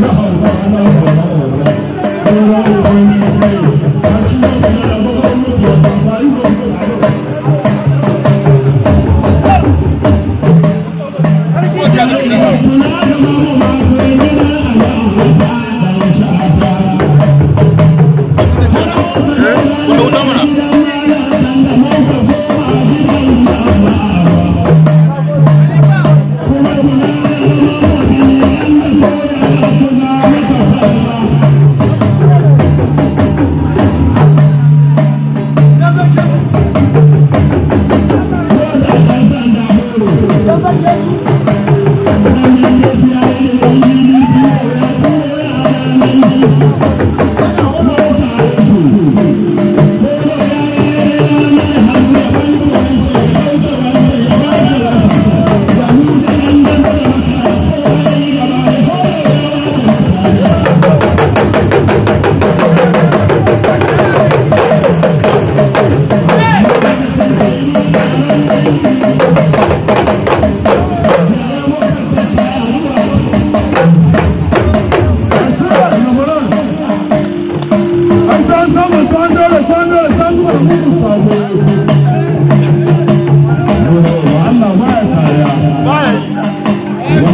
no, no, no, no, no.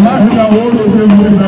Mas na outra,